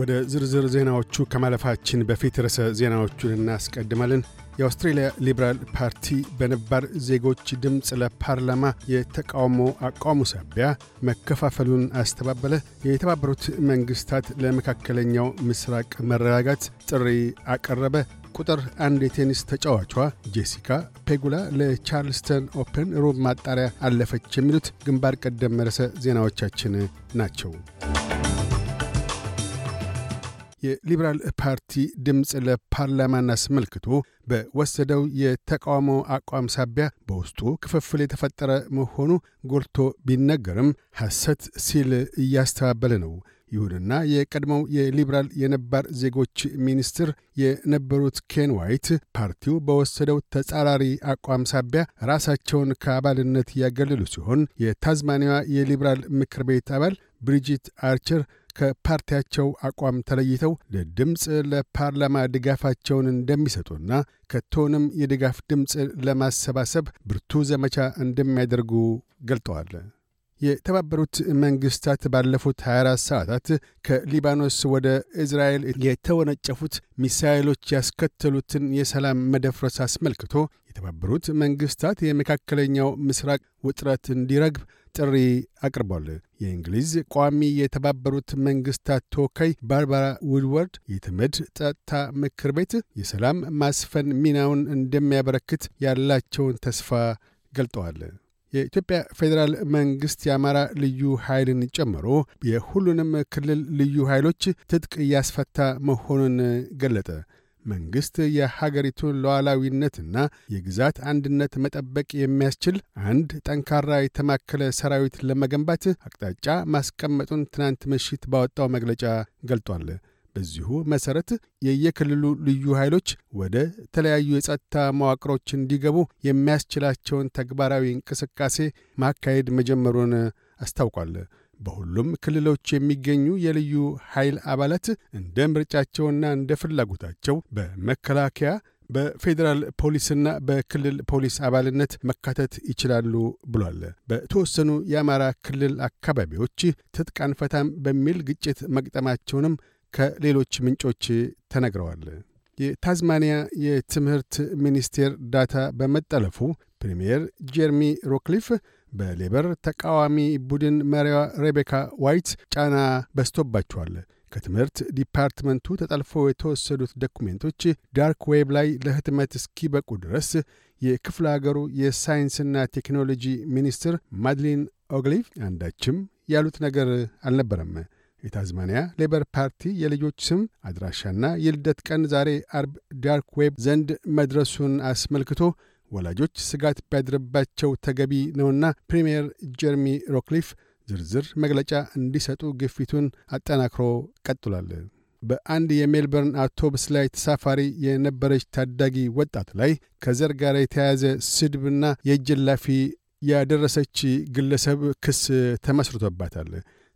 ወደ ዝርዝር ዜናዎቹ ከማለፋችን በፊት ርዕሰ ዜናዎቹን እናስቀድማለን። የአውስትሬልያ ሊበራል ፓርቲ በነባር ዜጎች ድምፅ ለፓርላማ የተቃውሞ አቋሙ ሳቢያ መከፋፈሉን አስተባበለ። የተባበሩት መንግስታት ለመካከለኛው ምስራቅ መረጋጋት ጥሪ አቀረበ። ቁጥር አንድ የቴኒስ ተጫዋቿ ጄሲካ ፔጉላ ለቻርልስተን ኦፕን ሩብ ማጣሪያ አለፈች። የሚሉት ግንባር ቀደም ርዕሰ ዜናዎቻችን ናቸው። የሊበራል ፓርቲ ድምፅ ለፓርላማን አስመልክቶ በወሰደው የተቃውሞ አቋም ሳቢያ በውስጡ ክፍፍል የተፈጠረ መሆኑ ጎልቶ ቢነገርም ሐሰት ሲል እያስተባበለ ነው። ይሁንና የቀድሞው የሊበራል የነባር ዜጎች ሚኒስትር የነበሩት ኬን ዋይት ፓርቲው በወሰደው ተጻራሪ አቋም ሳቢያ ራሳቸውን ከአባልነት ያገለሉ ሲሆን የታዝማኒያ የሊበራል ምክር ቤት አባል ብሪጂት አርቸር ከፓርቲያቸው አቋም ተለይተው ለድምፅ ለፓርላማ ድጋፋቸውን እንደሚሰጡና ከቶንም የድጋፍ ድምፅ ለማሰባሰብ ብርቱ ዘመቻ እንደሚያደርጉ ገልጠዋል። የተባበሩት መንግሥታት ባለፉት 24 ሰዓታት ከሊባኖስ ወደ እስራኤል የተወነጨፉት ሚሳይሎች ያስከተሉትን የሰላም መደፍረስ አስመልክቶ የተባበሩት መንግሥታት የመካከለኛው ምስራቅ ውጥረት እንዲረግብ ጥሪ አቅርቧል። የእንግሊዝ ቋሚ የተባበሩት መንግስታት ተወካይ ባርባራ ውድወርድ የተመድ ጸጥታ ምክር ቤት የሰላም ማስፈን ሚናውን እንደሚያበረክት ያላቸውን ተስፋ ገልጠዋል። የኢትዮጵያ ፌዴራል መንግሥት የአማራ ልዩ ኃይልን ጨምሮ የሁሉንም ክልል ልዩ ኃይሎች ትጥቅ እያስፈታ መሆኑን ገለጠ። መንግሥት የሀገሪቱን ሉዓላዊነትና የግዛት አንድነት መጠበቅ የሚያስችል አንድ ጠንካራ የተማከለ ሰራዊት ለመገንባት አቅጣጫ ማስቀመጡን ትናንት ምሽት ባወጣው መግለጫ ገልጧል። በዚሁ መሠረት የየክልሉ ልዩ ኃይሎች ወደ ተለያዩ የጸጥታ መዋቅሮች እንዲገቡ የሚያስችላቸውን ተግባራዊ እንቅስቃሴ ማካሄድ መጀመሩን አስታውቋል። በሁሉም ክልሎች የሚገኙ የልዩ ኃይል አባላት እንደ ምርጫቸውና እንደ ፍላጎታቸው በመከላከያ በፌዴራል ፖሊስና በክልል ፖሊስ አባልነት መካተት ይችላሉ ብሏል። በተወሰኑ የአማራ ክልል አካባቢዎች ትጥቃን ፈታም በሚል ግጭት መግጠማቸውንም ከሌሎች ምንጮች ተነግረዋል። የታዝማኒያ የትምህርት ሚኒስቴር ዳታ በመጠለፉ ፕሪምየር ጀርሚ ሮክሊፍ በሌበር ተቃዋሚ ቡድን መሪዋ ሬቤካ ዋይት ጫና በስቶባቸዋል። ከትምህርት ዲፓርትመንቱ ተጠልፎ የተወሰዱት ዶኩሜንቶች ዳርክ ዌብ ላይ ለህትመት እስኪበቁ ድረስ የክፍለ አገሩ የሳይንስና ቴክኖሎጂ ሚኒስትር ማድሊን ኦግሊቭ አንዳችም ያሉት ነገር አልነበረም። የታዝማኒያ ሌበር ፓርቲ የልጆች ስም፣ አድራሻና የልደት ቀን ዛሬ አርብ ዳርክ ዌብ ዘንድ መድረሱን አስመልክቶ ወላጆች ስጋት ቢያድርባቸው ተገቢ ነውና ፕሪምየር ጀርሚ ሮክሊፍ ዝርዝር መግለጫ እንዲሰጡ ግፊቱን አጠናክሮ ቀጥሏል። በአንድ የሜልበርን አውቶቡስ ላይ ተሳፋሪ የነበረች ታዳጊ ወጣት ላይ ከዘር ጋር የተያያዘ ስድብና የእጅ ያደረሰች ግለሰብ ክስ ተመስርቶባታል።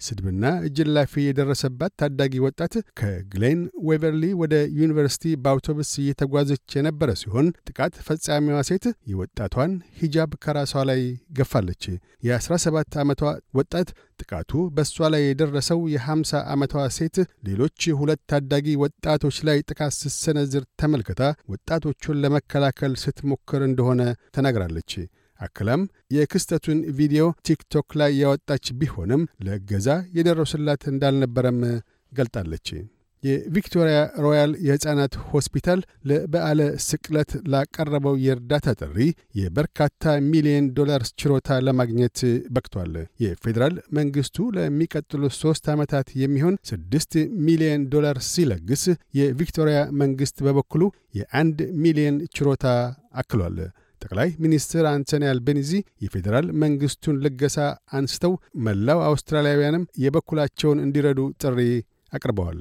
ስድብና እጅ ላፊ የደረሰባት ታዳጊ ወጣት ከግሌን ዌቨርሊ ወደ ዩኒቨርሲቲ በአውቶቡስ እየተጓዘች የነበረ ሲሆን ጥቃት ፈጻሚዋ ሴት የወጣቷን ሂጃብ ከራሷ ላይ ገፋለች። የ17 ዓመቷ ወጣት ጥቃቱ በእሷ ላይ የደረሰው የ50 ዓመቷ ሴት ሌሎች ሁለት ታዳጊ ወጣቶች ላይ ጥቃት ስትሰነዝር ተመልክታ ወጣቶቹን ለመከላከል ስትሞክር እንደሆነ ተናግራለች። አክላም የክስተቱን ቪዲዮ ቲክቶክ ላይ ያወጣች ቢሆንም ለእገዛ የደረሱላት እንዳልነበረም ገልጣለች። የቪክቶሪያ ሮያል የሕፃናት ሆስፒታል ለበዓለ ስቅለት ላቀረበው የእርዳታ ጥሪ የበርካታ ሚሊዮን ዶላርስ ችሮታ ለማግኘት በቅቷል። የፌዴራል መንግሥቱ ለሚቀጥሉ ሦስት ዓመታት የሚሆን ስድስት ሚሊዮን ዶላር ሲለግስ የቪክቶሪያ መንግሥት በበኩሉ የአንድ ሚሊዮን ችሮታ አክሏል። ጠቅላይ ሚኒስትር አንቶኒ አልቤኒዚ የፌዴራል መንግሥቱን ልገሳ አንስተው መላው አውስትራሊያውያንም የበኩላቸውን እንዲረዱ ጥሪ አቅርበዋል።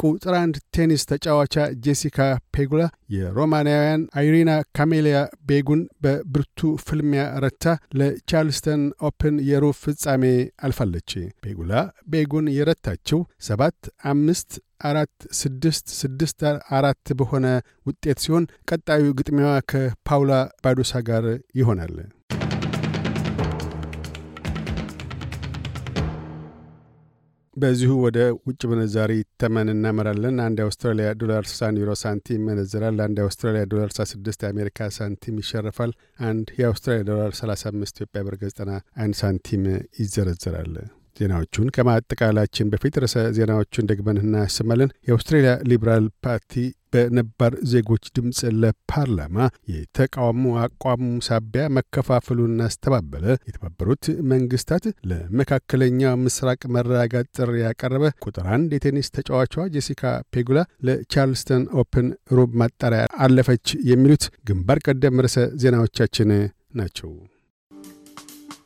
ቁጥር አንድ ቴኒስ ተጫዋቻ ጄሲካ ፔጉላ የሮማንያውያን አይሪና ካሜሊያ ቤጉን በብርቱ ፍልሚያ ረታ ለቻርልስተን ኦፕን የሩብ ፍጻሜ አልፋለች። ፔጉላ ቤጉን የረታችው ሰባት አምስት አራት ስድስት ስድስት አራት በሆነ ውጤት ሲሆን ቀጣዩ ግጥሚያዋ ከፓውላ ባዶሳ ጋር ይሆናል። በዚሁ ወደ ውጭ ምንዛሪ ተመን እናመራለን። አንድ የአውስትራሊያ ዶላር 60 ዩሮ ሳንቲም ይመነዘራል። አንድ የአውስትራሊያ ዶላር 66 የአሜሪካ ሳንቲም ይሸርፋል። አንድ የአውስትራሊያ ዶላር 35 ኢትዮጵያ ብር 91 ሳንቲም ይዘረዘራል። ዜናዎቹን ከማጠቃላችን በፊት ርዕሰ ዜናዎቹን ደግመን እናሰማለን። የአውስትሬልያ ሊበራል ፓርቲ በነባር ዜጎች ድምፅ ለፓርላማ የተቃውሞ አቋም ሳቢያ መከፋፈሉን አስተባበለ። የተባበሩት መንግስታት ለመካከለኛው ምስራቅ መረጋጋት ጥሪ ያቀረበ። ቁጥር አንድ የቴኒስ ተጫዋቿ ጄሲካ ፔጉላ ለቻርልስተን ኦፕን ሩብ ማጣሪያ አለፈች። የሚሉት ግንባር ቀደም ርዕሰ ዜናዎቻችን ናቸው።